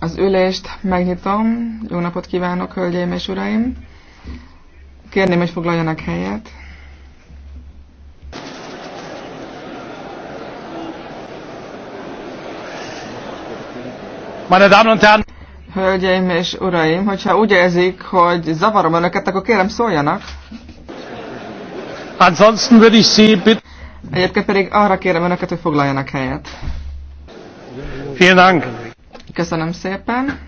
Az ülést megnyitom. Jó napot kívánok, hölgyeim és uraim! Kérném, hogy foglaljanak helyet. Hölgyeim és uraim, hogyha úgy érzik, hogy zavarom önöket, akkor kérem szóljanak. Ansonsten würde ich Sie bitten... Egyébként pedig arra kérem önöket, hogy foglaljanak helyet. Köszönöm szépen.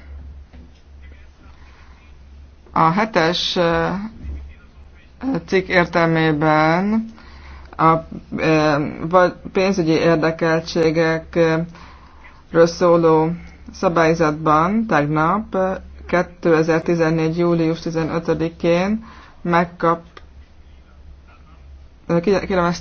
A hetes cikk értelmében a pénzügyi érdekeltségekről szóló szabályzatban tegnap 2014. július 15-én megkap